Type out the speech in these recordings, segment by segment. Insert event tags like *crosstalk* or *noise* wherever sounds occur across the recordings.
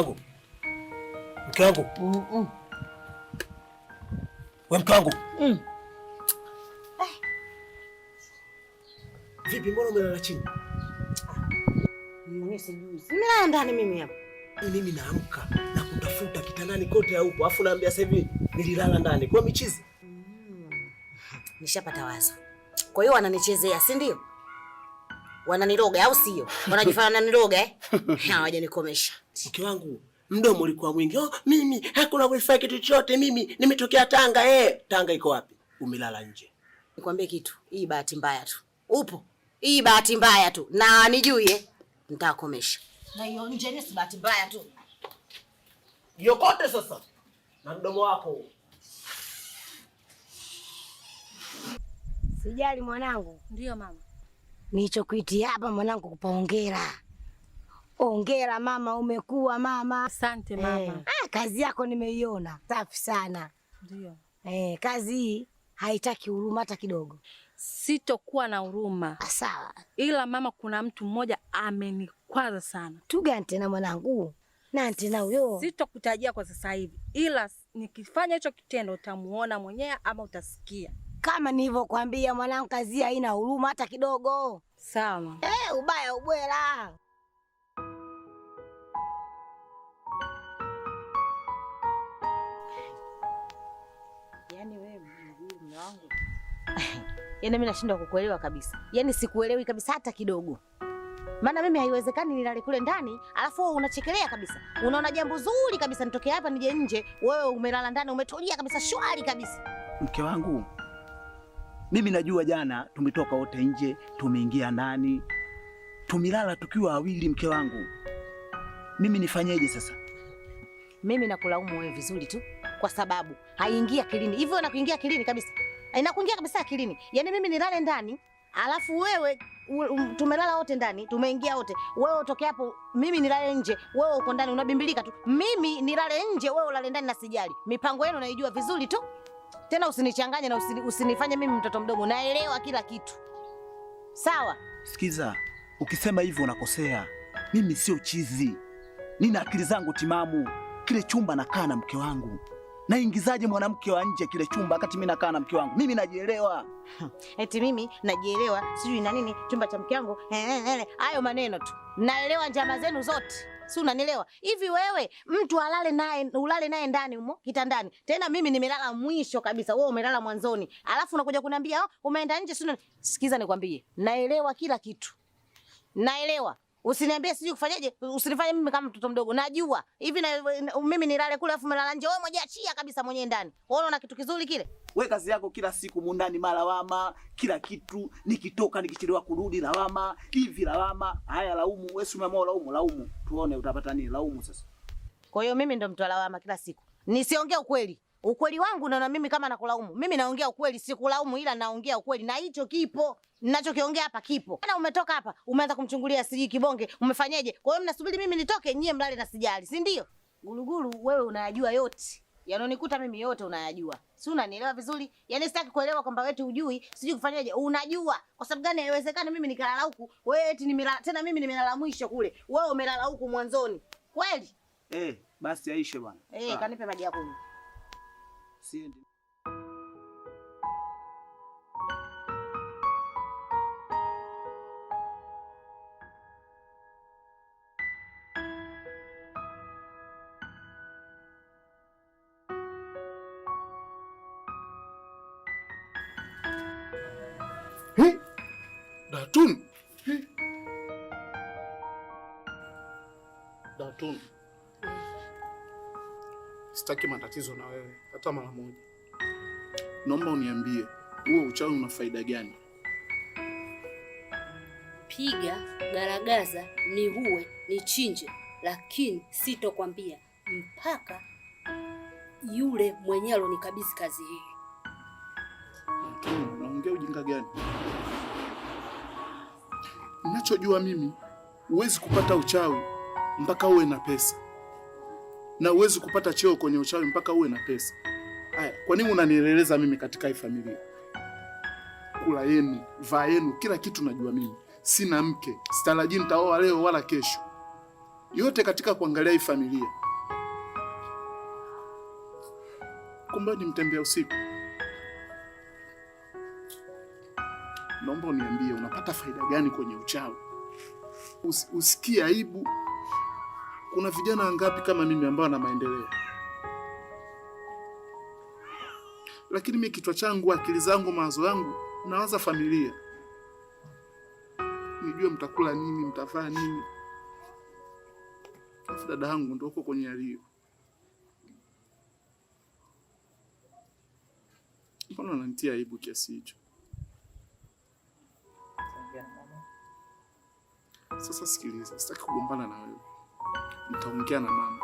mke wangu, mke wangu, we mke wangu, vipi? Mbona umelala chini? Nimelala ndani mimi hapa. Mimi naamka na kutafuta kitandani kote haupo, afu naambia sasa hivi nililala ndani kwa michizi. Mm. Nishapata wazo, kwa hiyo wananichezea, si ndio? wananiroga au sio? Wanajifanya wananiroga eh? *laughs* Hawajanikomesha. Mke wangu mdomo ulikuwa mwingi. Oh, mimi hakuna wifi kitu chochote, mimi nimetokea Tanga eh. Tanga iko wapi? Umelala nje. Nikwambie kitu, hii bahati mbaya tu. Upo. Hii bahati mbaya tu. Na nijui eh. Nitakomesha. Na hiyo nje ni bahati mbaya tu. Yokote sasa. Na mdomo wako. Sijali mwanangu. Ndio mama. Nilichokuitia hapa mwanangu, kupa hongera. Hongera mama, umekuwa mama. Asante eh. mama. Eh, ah, kazi yako nimeiona safi sana. Ndio. Eh, kazi hii haitaki huruma hata kidogo. Sitokuwa na huruma. Ah, sawa. Ila mama, kuna mtu mmoja amenikwaza sana. Tuga tena mwanangu. Na huyo. Sitokutajia kwa sasa hivi. Ila nikifanya hicho kitendo utamuona mwenyewe ama utasikia. Kama nilivyokuambia mwanangu, kazi haina huruma hata kidogo. Sawa. Eh, ubaya ubwela. Yaani wewe mume wangu. *laughs* Yaani mimi nashindwa kukuelewa kabisa. Yaani sikuelewi kabisa hata kidogo. Maana mimi haiwezekani nilale kule ndani, alafu wewe unachekelea kabisa. Unaona jambo zuri kabisa nitoke hapa nije nje, wewe umelala ndani umetulia kabisa shwari kabisa. Mke wangu, mimi najua jana tumetoka wote nje, tumeingia ndani, tumilala tukiwa wawili, mke wangu. Mimi nifanyeje sasa? Mimi nakulaumu wewe vizuri tu, kwa sababu haingia kilini hivyo, na kuingia akilini kabisa, inakuingia kabisa kilini. Yaani mimi nilale ndani alafu wewe tumelala wote ndani, tumeingia wote, wewe utoke hapo, mimi nilale nje, wewe uko ndani unabimbilika tu, mimi nilale nje, wewe ulale ndani, na sijali mipango yenu naijua vizuri tu. Tena usinichanganye na usini, usinifanye mimi mtoto mdogo, naelewa kila kitu sawa. Sikiza, ukisema hivyo unakosea. Mimi sio chizi, nina akili zangu timamu. Kile chumba nakaa na mke wangu, naingizaje mwanamke wa nje kile chumba wakati mimi nakaa na mke wangu? Mimi najielewa. *laughs* Eti mimi najielewa, sijui na nini chumba cha mke wangu. Hayo maneno tu, naelewa njama zenu zote si unanielewa? Hivi wewe mtu alale naye ulale naye ndani humo kitandani, tena mimi nimelala mwisho kabisa, wewe umelala mwanzoni, alafu unakuja kuniambia oh, umeenda nje. Sikiza nikwambie, naelewa kila kitu, naelewa Usiniambie sijui kufanyaje, usinifanye mimi kama mtoto mdogo. Najua hivi na mimi nilale kule afu mlala nje. Wewe mmoja achia kabisa mwenyewe ndani. Wewe unaona kitu kizuri kile? Wewe kazi yako kila siku mundani malawama, kila kitu nikitoka nikichelewa kurudi lawama, hivi lawama, haya laumu, wewe umeamua laumu, laumu. Tuone utapata nini laumu sasa. Kwa hiyo mimi ndo mtu lawama kila siku. Nisiongee ukweli ukweli wangu. Naona mimi kama nakulaumu, mimi naongea ukweli, sikulaumu, ila naongea ukweli, na hicho kipo ninachokiongea hapa kipo. Na umetoka hapa umeanza kumchungulia sijui kibonge, umefanyaje? Kwa hiyo mnasubiri mimi nitoke, nyie mlale na sijali, si ndio? Gulugulu, wewe unayajua yote yanonikuta mimi yote unayajua, si unanielewa vizuri? Yani sitaki kuelewa kwamba wewe hujui sijui kufanyaje. Unajua kwa sababu gani? Haiwezekani mimi nikalala huku, wewe eti nimelala tena, mimi nimelala mwisho kule, wewe umelala huku mwanzoni, kweli? Eh, basi aishe bwana. Eh, ah. kanipe maji ya kunywa siendi. Hey. Datun. Hey. Sitaki matatizo na wewe hata mara moja. Naomba uniambie huo uchawi una faida gani? Piga, garagaza, ni huwe ni chinje lakini sitokwambia mpaka yule ni kabisa kazi hii. Naongea ujinga gani? Ninachojua mimi, huwezi kupata uchawi mpaka uwe na pesa na uwezi kupata cheo kwenye uchawi mpaka uwe na pesa. aya kwa nini unanieleleza mimi katika hii familia? Kula yenu, vaa yenu, kila kitu najua mimi. Sina mke, sitarajii nitaoa leo wala kesho. Yote katika kuangalia hii familia. Kumbe ni mtembea usiku. Naomba uniambie unapata faida gani kwenye uchawi? Us, usikie aibu kuna vijana wangapi kama mimi ambao na maendeleo, lakini mimi kichwa changu, akili zangu, mawazo yangu nawaza familia, nijue mtakula nini, mtavaa nini. Afu dada yangu ndio uko kwenye alio, mbona nanitia aibu kiasi hicho? Sasa sikiliza, sitaki kugombana na wewe 你听见了吗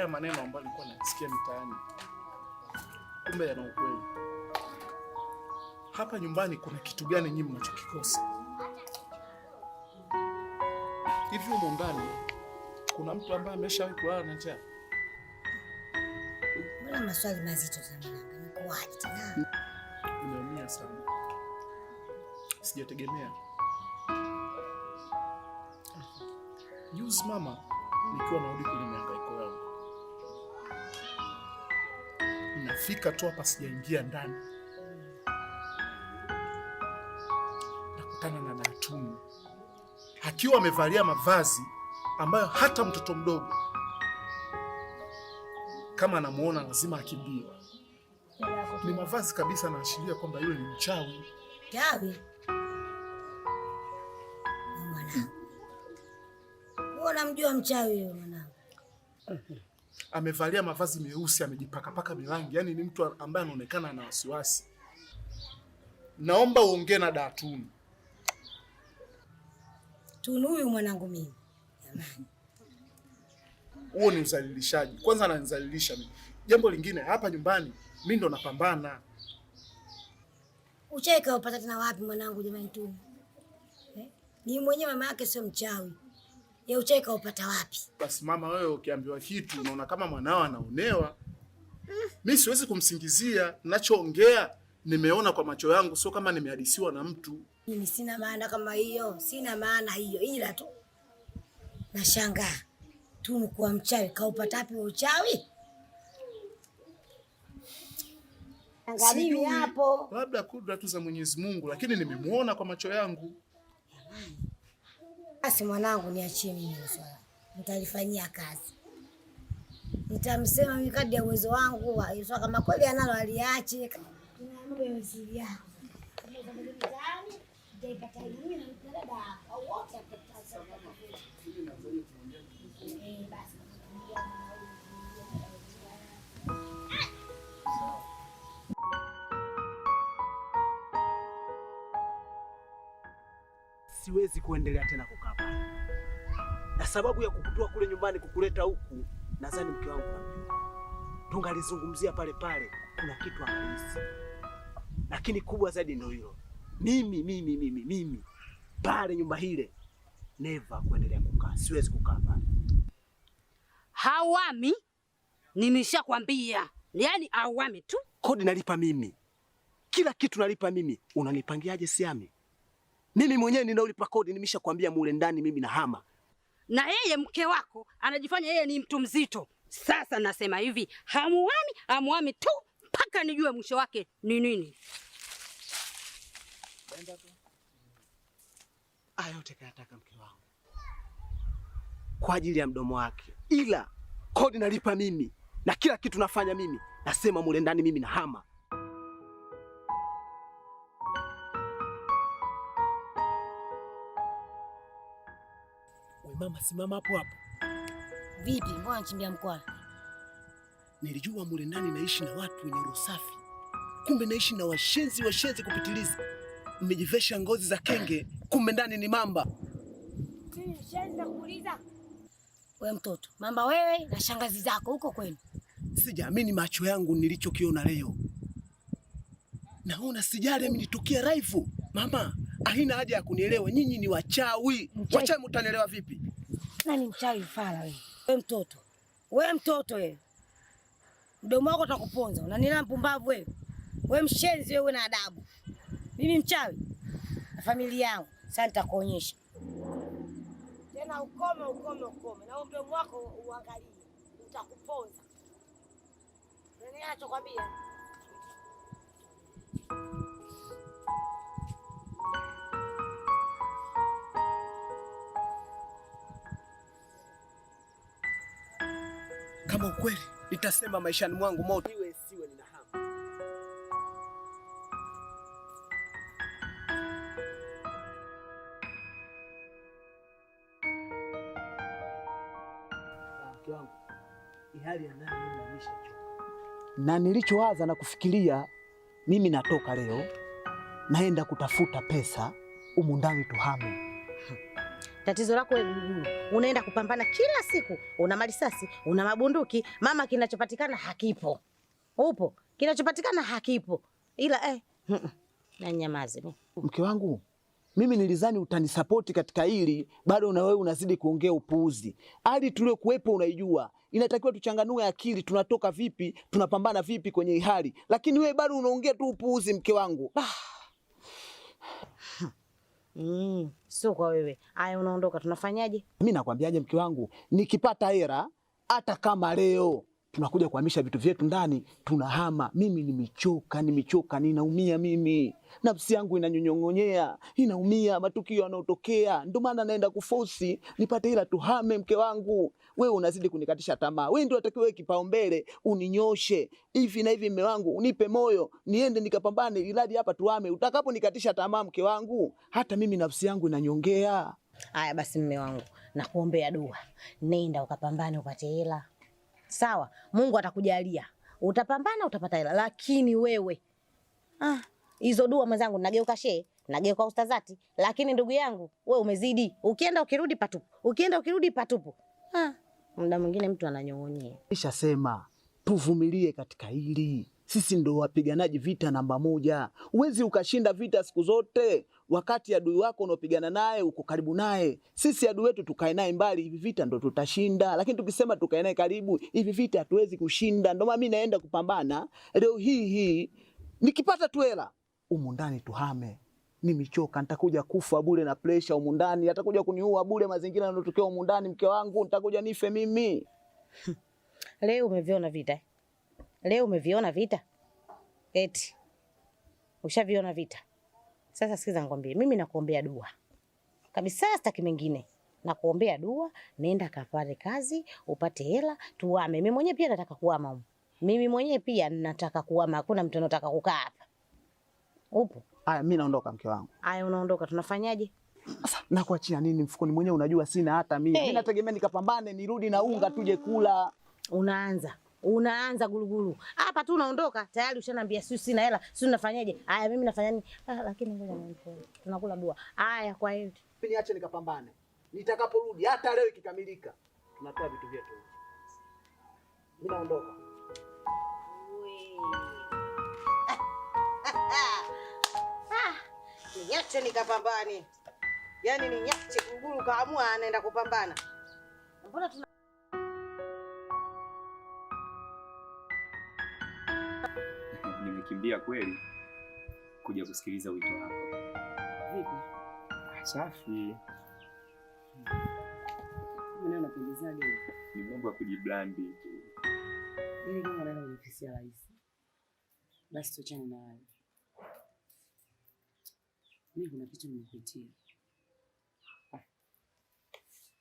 haya maneno ambayo nilikuwa nasikia mitaani kumbe yana ukweli. Hapa nyumbani kuna kitu gani nyinyi mnachokikosa? Hivi humo ndani kuna mtu ambaye ameshawahi kulala na njaa? Mbona maswali mazito sana? Nakuaje tena? Unaumia sana. Sijategemea. Juzi mama nikiwa narudi kule Nimefika tu hapa, sijaingia ndani, nakutana na Datuni akiwa amevalia mavazi ambayo hata mtoto mdogo kama anamuona lazima akimbie. Ni mavazi kabisa anaashiria kwamba yule ni mchawi. Mchawi mwanangu, mchawi yule mwanangu? *laughs* amevalia mavazi meusi, amejipakapaka milangi, yani ni mtu ambaye anaonekana ana wasiwasi. Naomba uongee na da Tunu. huyu mwanangu mimi, jamani, huo ni uzalilishaji Kwanza ananizalilisha mimi. Jambo lingine, hapa nyumbani mimi ndo napambana. Ucheka upata tena wapi mwanangu? Jamani tu? eh? ni mwenyewe mama yake sio mchawi ya ucheka upata wapi? Basi mama, wewe ukiambiwa kitu unaona kama mwanao anaonewa, mm. mi siwezi kumsingizia. Nachoongea nimeona kwa macho yangu, sio kama nimehadisiwa na mtu. Mimi sina maana kama hiyo, sina maana hiyo, ila tu nashangaa Tunu kuwa mchawi kaupata wapi uchawi? Angalia hapo, labda kudra tu za Mwenyezi Mungu, lakini nimemwona kwa macho yangu Jamani basi mwanangu, niachie mimi swala, nitalifanyia kazi, nitamsema mimi kadri ya uwezo wangu. Swala kama kweli analo aliache siwezi kuendelea tena kukaa pale, na sababu ya kukutoa kule nyumbani kukuleta huku, nadhani mke wangu Tungalizungumzia pale pale, kuna kitu halisi, lakini kubwa zaidi ndio hilo. Mimi mimi mimi mimi pale nyumba hile neva kuendelea kukaa, siwezi kukaa pale. Hawami, nimeshakwambia yaani hawami tu. Kodi nalipa mimi, kila kitu nalipa mimi, unanipangiaje siami? Mimi mwenyewe ninaulipa kodi, nimeshakwambia mule ndani mimi nahama. Na yeye mke wako anajifanya yeye ni mtu mzito. Sasa nasema hivi, hamuami hamuami tu mpaka nijue mwisho wake ni nini. Ayote kayataka mke wangu kwa ajili ya mdomo wake, ila kodi nalipa mimi na kila kitu nafanya mimi. Nasema mule ndani mimi nahama. simama simama hapo hapo. Vipi, mbona unachimbia mkwara? Nilijua mule ndani naishi na watu wenye roho safi, kumbe naishi na washenzi, washenzi kupitiliza. Mmejivesha ngozi za kenge, kumbe ndani ni mamba. We mtoto mamba, wewe na shangazi zako huko kwenu. Sijaamini macho yangu nilichokiona leo. Naona sijali amenitokea raifu. Mama, haina haja ya kunielewa, nyinyi ni wachawi. Wachawi mtanielewa vipi? Nani mchawi fala wewe? We mtoto we mtoto wewe, mdomo wako utakuponza. Unanila mpumbavu wewe, we mshenzi wewe, na adabu. Mimi mchawi na familia yangu, sasa nitakuonyesha tena. Ukome, ukome, ukome na mdomo wako uangalie, utakuponza. Nachokwambia Kama ukweli nitasema maishani mwangu moto. Iwe siwe nina hamu. Na nilichowaza na kufikiria, mimi natoka leo naenda kutafuta pesa umundani ndani tuhame Tatizo lako wewe mguu, mm, unaenda kupambana kila siku, una marisasi una mabunduki. Mama, kinachopatikana hakipo, upo kinachopatikana hakipo, ila eh, na Mke wangu mimi nilizani utanisapoti katika hili, bado na wewe unazidi kuongea upuuzi. Hali tuliyokuwepo unaijua, inatakiwa tuchanganue akili, tunatoka vipi, tunapambana vipi kwenye hali, lakini wewe bado unaongea tu upuuzi, mke wangu bah. Mm, sio kwa wewe. aya unaondoka, tunafanyaje? Mimi nakwambiaje, mke wangu, nikipata hela hata kama leo tunakuja kuhamisha vitu vyetu ndani, tunahama. Mimi nimechoka, nimechoka, ninaumia mimi nafsi yangu inanyonyong'onyea, inaumia matukio yanayotokea. Ndio maana naenda kufosi nipate ila tuhame. Mke wangu, wewe unazidi kunikatisha tamaa. Wewe ndio unatakiwa wewe kipaumbele, uninyoshe hivi na hivi, mme wangu, unipe moyo niende nikapambane, iladi hapa tuhame. Utakaponikatisha tamaa, mke wangu, hata mimi nafsi yangu inanyongea. Haya basi, mme wangu, nakuombea dua, nenda ukapambane upate hela. Sawa, Mungu atakujalia, utapambana utapata hela, lakini wewe ah hizo dua mwenzangu, nageuka shehe, nageuka ustazati. Lakini ndugu yangu, we umezidi, ukienda ukirudi patupu, ukienda ukirudi patupu. Ah, muda mwingine mtu ananyong'onyea. Nishasema tuvumilie katika hili, sisi ndo wapiganaji vita namba moja. Huwezi ukashinda vita siku zote wakati adui wako unaopigana naye uko karibu naye. Sisi adui wetu tukae naye mbali, hivi vita ndo tutashinda, lakini tukisema tukae naye karibu, hivi vita hatuwezi kushinda. Ndio maana mimi naenda kupambana leo hii hii, nikipata tu hela humu ndani tuhame. Nimechoka, nitakuja kufa bure na presha humu ndani, atakuja kuniua bure. Mazingira yanayotokea humu ndani, mke wangu, nitakuja nife mimi. *laughs* Leo umeviona vita, leo umeviona vita, eti ushaviona vita. Sasa sikiza, ngwambie, mimi nakuombea dua kabisa, sitaki mengine nakuombea dua, nenda kapate kazi upate hela tuame. Mimi mwenyewe pia nataka kuama, mimi mwenyewe pia nataka kuama. Hakuna mtu anataka kukaa hapa. Upo? Haya, mimi naondoka mke wangu. Haya, unaondoka, tunafanyaje? Sasa nakuachia nini mfukoni? Mwenyewe unajua sina hata mimi. Hey. Mimi nategemea nikapambane nirudi na unga mm. tuje kula. Unaanza unaanza gulugulu hapa tu, unaondoka tayari ushaniambia, si sina hela, si unafanyaje? Haya, mimi nafanya nini? Ah, lakini ngoja niende, tunakula dua. Haya, kwa hiyo mimi niache nikapambane, nitakaporudi hata leo ikikamilika, tunatoa vitu vyetu. Mimi naondoka. Wewe. niache nikapambane, yaani ni niache kuguru, kaamua anaenda kupambana. Mbona tuna *laughs* nimekimbia kweli kuja kusikiliza wito wako. Vipi? Safi. Mbona unapendezaje? Ni mambo ya kujiblandi tu. Ili kama unaenda kwenye ofisi ya rais. Basi tuchane na wale. Mimi kuna kitu nimepitia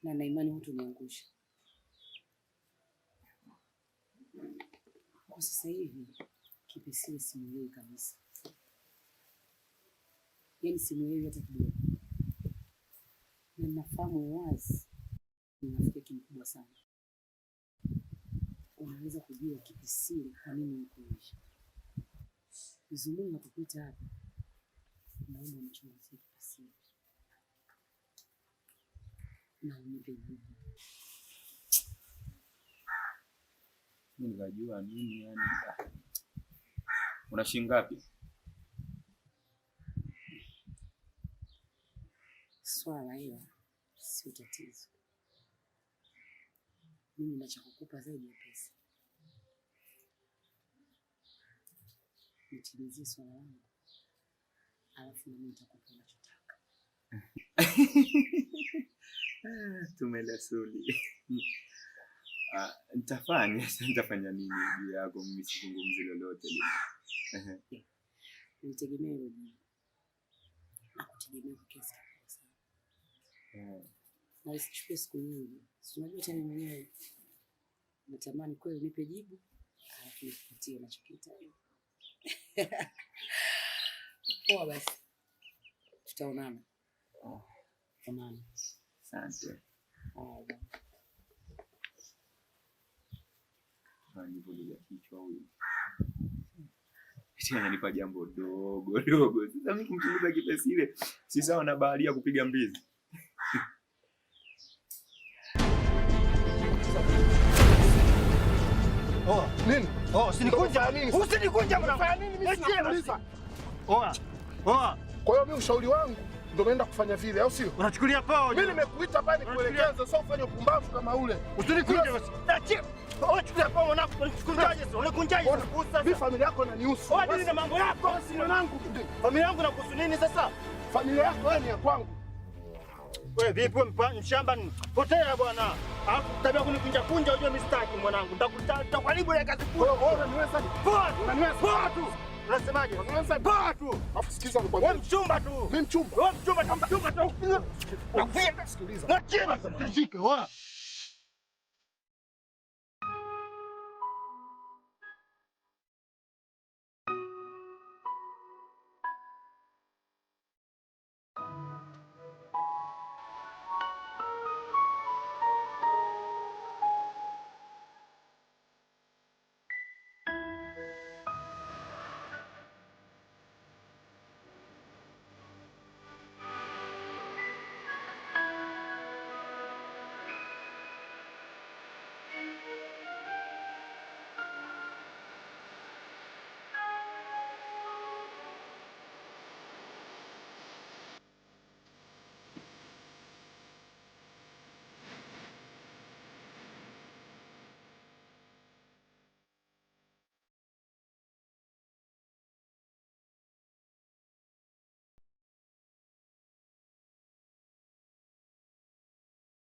na na imani niangusha kwa sasa hivi. Kipesile simuelewi kabisa, yaani simuelewi hata kidogo, na nafahamu wazi ni rafiki mkubwa sana. Unaweza kujua Kipesile kwa nini nikuishi vizumuni nakukuita hapa naomba unichunguzie na unipe jibu. Nikajua nini yani? Una shilingi ngapi? Swala hilo sio tatizo. Mimi nachokukupa zaidi ya pesa, nitimizie swala langu alafu mimi nitakupa unachotaka. *laughs* Tumelesuli. *laughs* Ah, nitafanya *laughs* nitafanya nini juu yako? Mimi sizungumzi lolote lile. Nitegemea hilo jibu. Nakutegemea kwa kiasi kikubwa sana. Eh. Na isichukue siku nyingi. Si unajua tena mwenyewe natamani kweli nipe jibu alafu nikupatie unachokihitaji. Poa basi, tutaonana. Oh. Onana. Asante. Ananipa jambo dogo dogo. Sasa mtu kumchunguza kipesi ile si sawa na bahari ya kupiga mbizi. Oh, nini? Oh, usinikunja. nini? Usinikunja, mnafanya nini mimi? Oa. Poa. Kwa hiyo mimi ushauri wangu ndio umeenda kufanya vile au sio? Unachukulia poa. Mimi nimekuita hapa kuelekeza, sio ufanye upumbavu kama ule. Usinikunje basi. Achia. Unachukulia poa mwanangu, unakunjaje sasa? Unakunjaje sasa? Mimi familia yako na inanihusu. Wewe nini na mambo yako? Si mwanangu. Familia yangu na kuhusu nini sasa? Familia yako wewe ni ya kwangu. Wewe vipi mshamba ni? potea bwana. Alafu tabia kunikunja kunja, unajua mistaki mwanangu. Nitakuharibu ile kazi kubwa. Wewe unaniweza? Poa. Unaniweza? Poa tu. Unasemaje? Unaanza poa tu. Alafu sikiza nikwambie. Wewe mchumba tu. Mimi mchumba. Wewe mchumba tu mchumba tu. Nakwenda sikiliza. Nachema. Tashika.